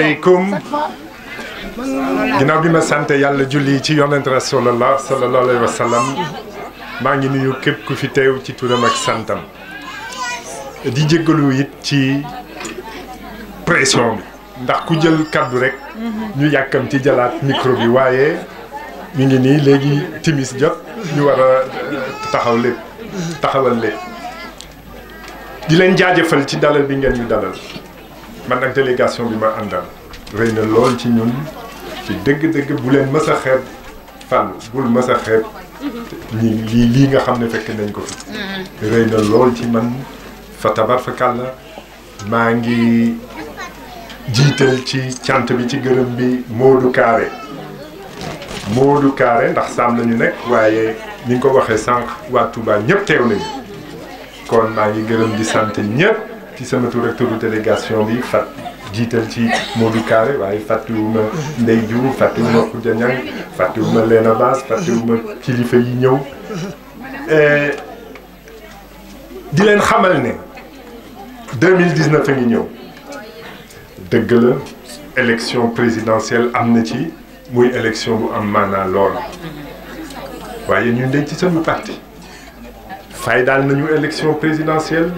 asalaamaaleykum ginnaaw bi ma sante yàlla julli ci yonent rasulallah sallallahu alayhi wa sallam maa ngi nuyu képp ku fi teew ci turam ak santam di jéggalu it ci pression bi ndax ku jël kaddu rek ñu yàkkam ci jalaat micro waaye mi ngi nii léegi timis jot ñu war euh, taxaw lépp taxawal lépp di leen jaajëfal ci dalal bi ngeen ñu dalal man nag délégation bi ma àndal rëy na lool ci ñun ci dëgg-dëgg bu leen mës a xeeb fàll bul mës a xeeb lii nga xam ne fekk nañ ko fi mm-hmm. rëy na lool ci man fa tabar fa kàlla maa ngi jiital ci sant bi ci gërëm bi Modou Carré Modou Carré ndax saam nañu nekk waaye ni nga ko waxee sànq waa Touba ñëpp teew nañu kon maa ngi gërëm di sant ñëpp ci sama tur ak turu délégation bi fat jiital ci Modou Kaare waaye fàttewuma Ndey Diouf fàttewuma Khoudia Niang fàttewuma Léna Bass fàttewuma kilifa yi ñëw di leen xamal ne 2019 a ngi ñëw dëgg la élection présidentielle am na ci muy élection bu am maanaa lool waaye ñun de ci sama parti fay daal nañu élection présidentielle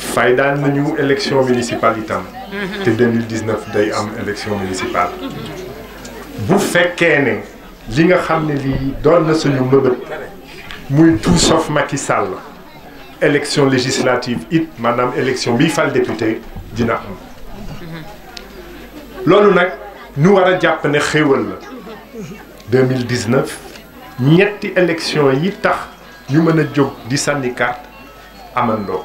fay daan nañu élection municipalité té 2019 day am élection municipale bu fekkee né li nga xamné li lii doon na suñu mëbët muy tout sauf Macky Sall élection législative it maanaam élection bi fal député dina am mhm. lolu nak ñu wara japp né xéewal la 2019 ñetti élection yi tax ñu mëna jog di sànni carte amandoo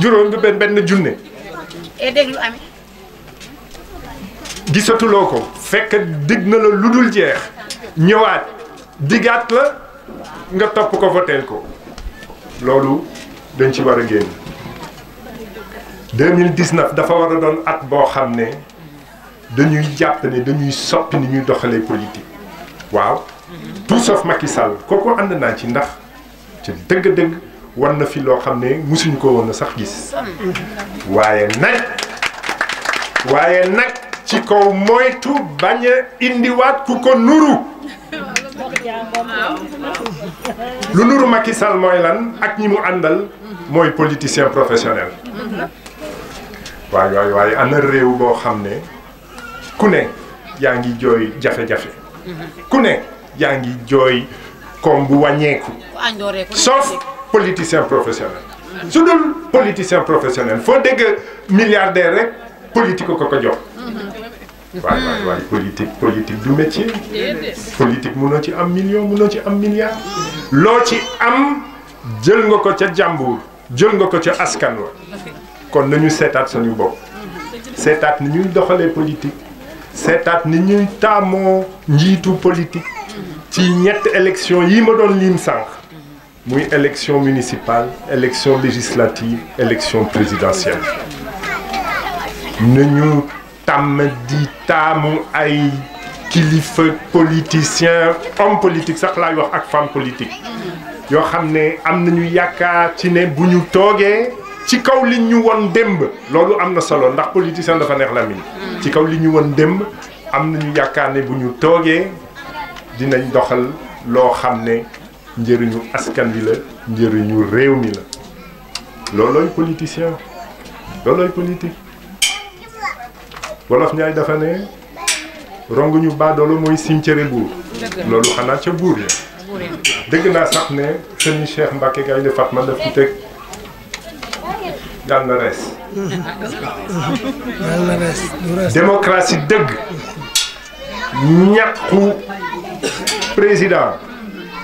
juróom bi que benn junne. Eh, deglu que fekk dig na jeex la nga ko ko lolu dañ ci 2019 dafa wara a doon at boo ne dañuy jàpp ne dañuy soppi ni politique waaw tout sauf Macky Sall kooku ci ndax ci dëgg wan na fi loo xam ne musuñu ko woon sax gis waaye nag waaye nag ci kaw moytu bañ indiwaat ku ko nuru lu nuru Macky Sall lan ak ñi mu àndal mooy politicien professionnel waaye waaye waaye ana réew boo xam ne ku ne yaa ngi jooy jafe-jafe ku ne yaa ngi jooy koom bu wàññeeku sauf politicien professionnel su dul politicien professionnel foo dégg milliardaire rek politique ko ko jox mm-hmm. politique politique du métier politique munoo ci am million munoo ci am milliard loo ci am jël nga ko ca jàmbur jël nga ko ca askan kon nañu seetaat suñu bok mm-hmm. seetaat ni ñuy doxalee politique seetaat ni ñuy tamo njiitu politique mm-hmm. ci ñett élection yi ma doon lim sànq oui, élection municipale élection législative élection présidentielle nañu tam di taamu ay kilifa politicien homme politique sax laay wax ak femme politique Yo xamné ne am nañu yaakaar ci ne bu ñu ci kaw li ñu won demb lolu am na solo ndax politicien dafa neex làmmiñ ci kaw li ñu won demb am nañu yaakaar né buñu togué dinañ doxal lo xamné njëriñu askan bi la njëriñu réew mi la loolooy politicien loolooy politique wolof ñaay dafa ne ronguñu baadoolo mooy cimetière buur loolu xanaa ca buur ya, ya. dëgg naa sax ne sëñ Cheikh Mbacke le Fatma daf ci teg dal na démocratie dëgg ñàkku président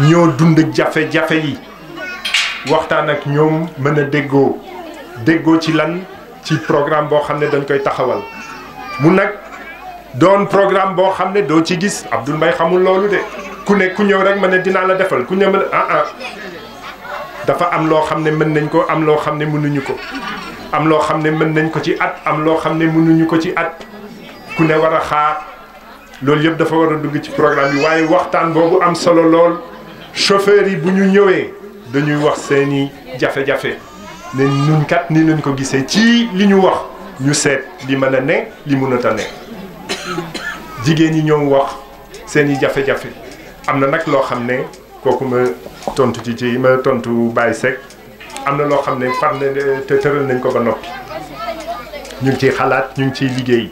ñoo dund jafe-jafe yi waxtaan ak ñoom mën a déggoo déggoo ci lan ci programme boo xam ne dañ koy taxawal mu nag doon programme boo xam ne doo ci gis Abdoul Mbaye xamul loolu de ku ne ku ñëw rek ma ne dinaa la defal ku ne ma ah ah dafa am loo xam ne mën nañ ko am loo xam ne mënuñu ko am loo xam ne mën nañ ko ci at am loo xam ne mënuñu ko ci at ku ne war a xaar loolu yëpp dafa war a dugg ci programme yi waaye waxtaan boobu am solo lool. chauffeur yi bu ñu ñëwee dañuy wax seeni jafe-jafe ne nun kat ni nañ ko gisee ci li ñu wax ñu seet li mën a ne li mënut a ne jigéen ñi ñoom wax seeni jafe-jafe am na nag loo xam ne kooku ma tontu ci ci ma tontu Baye Seck am na loo xam ne far na tëral nañ ko ba noppi ñu ngi ciy xalaat ñu ngi ciy liggéey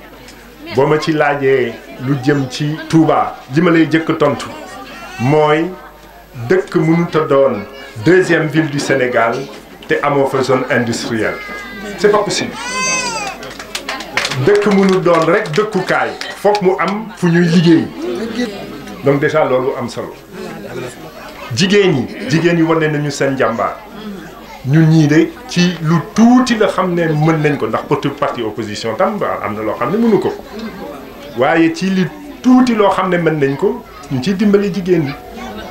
boo ma ci laajee lu jëm ci Touba li ma lay jëkk tontu mooy dëkk mënut ta doon deuxième ville du Sénégal te amoo fa zone industrielle c'est pas possible dëkk mënul doon rek dëkkukaay foog mu am fu ñuy liggéey donc déjà loolu am solo jigéen ñi jigéen yi wane nañu seen njàmbaar ñun ñii de ci lu tuuti la xam ne mën nañ ko ndax porte parti opposition tam am na loo xam ne mënu ko waaye ci li tuuti loo xam ne mën nañ ko ñu dimbali jigéen ñi.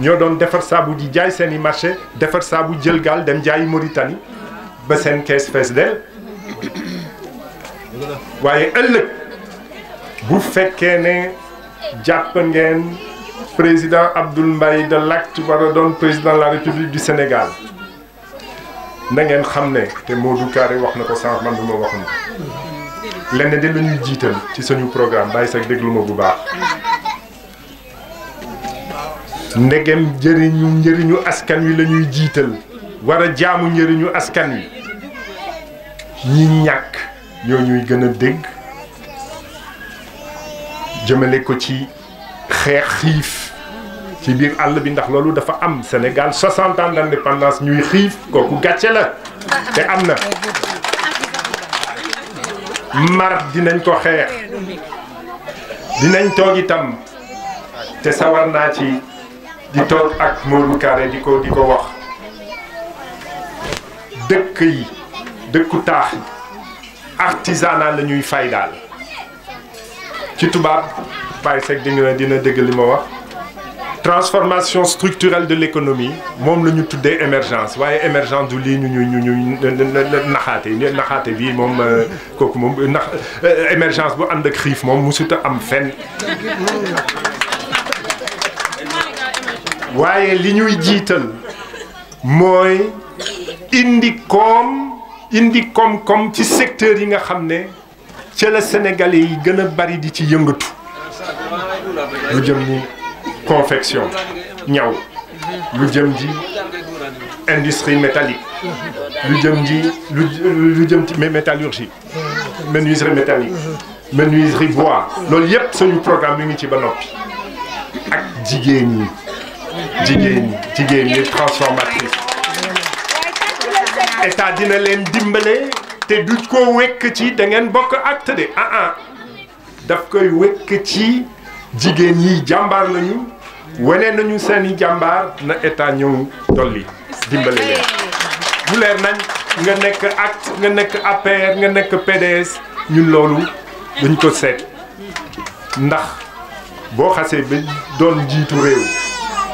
ñoo doon defar saabu di jaay seen i marché defar saabu jël gaal dem jaay Mauritanie ba seen kees fees del waaye ëllëg bu fekkee ne jàpp ngeen président Abdoul Mbaye de l'acte war a doon président de la République du Sénégal na ngeen xam ne te Modou Carré wax na ko sànq man du ma wax lenn de la ñuy jiital ci suñu programme bàyyi sax déglu ma bu baax ndegem jëriñu njëriñu askan wi lañuy jiital wara jaamu njëriñu askan wi ñi ñàkk ñoo ñuy gën a dégg jëmale ko ci xeex xiif ci biir àll bi ndax loolu dafa am senegal 60 ans d'indépendance ñuy xiif kooku gàcce la te am na mar dinañ ko xeex dinañ toog itam te sawar naa ci di toog ak Modou Carré di ko di ko wax dëkk yi dëkku taax yi artisanat la ñuy fay daal ci tubaab Baye sek di nga dina dëgg li ma wax transformation structurelle de l'économie moom la ñu tuddee émergence waaye émergence du lii ñu ñu ñu ñu naxaate naxaate bii moom euh, kooku moom nax euh, émergence bu ànd ak xiif moom mosut a am fenn waye li ñuy jiital mooy indi koom indi koom-koom ci secteur yi nga xam ne ca la sénégalais yi gën a bari di ci yëngatu lu jëm ni confection ñaw lu jëm ji industrie métallique lu jëm ji lu jëm ci métallurgie menuiserie métallique menuiserie bois loolu yépp suñu programme yi ngi ci ba noppi ak jigéen ñi jigéen jigéen ñi transformatrice dina leen dimbale te du ko wekk ci dangeen bokk acte de ah ah koy wekk ci jigéen yi jàmbar nañu wane nañu seeni jàmbaar na état ñëw dolli dimbale leen mu leer nañ nga nekk acte nga nekk APR nga nekk PDS ñu loolu duñ ko seet ndax boo xasee ba doon jiitu réew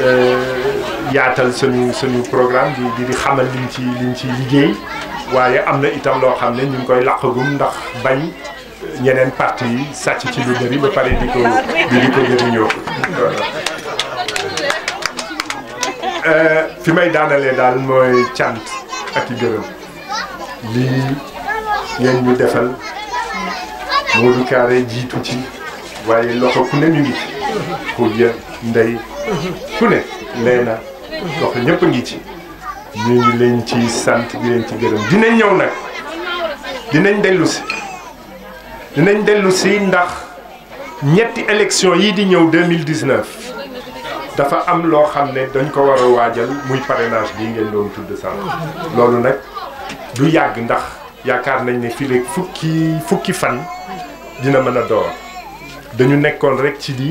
Euh, yaatal suñu suñu programme di di xamal liñ ci liñ ci liggéey waaye am na itam loo xam ne ñu ngi koy làqagum ndax bañ ñeneen parti yi sàcc ci lu bëri ba pare di ko di ko jëriñoo euh, fi may daanalee daal mooy cant ak i gërëm lii ngeen ñu defal Modou Kaare jiitu ci waaye loxo ku ne ñu ngi ci pour ndey ku ne nee na wax ñëpp a ngi ci ñu ngi leen ci sant di leen ci gërëm dina ñëw nag dinañ dellu si dinañ dellu si ndax ñetti élection yii di ñëw 2019 dafa am loo xam ne dañ ko war a waajal muy parrainage bii ngeen doon tudd sànq loolu nag du yàgg ndax yaakaar nañ ne fii rek fukki fan dina mën a door dañu nekkoon rek ci di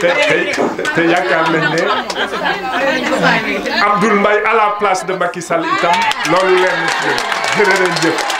te te yaakaar nañ ne Abdoul Mbaye la place de Macky Sall itam loolu leen jërë ngeen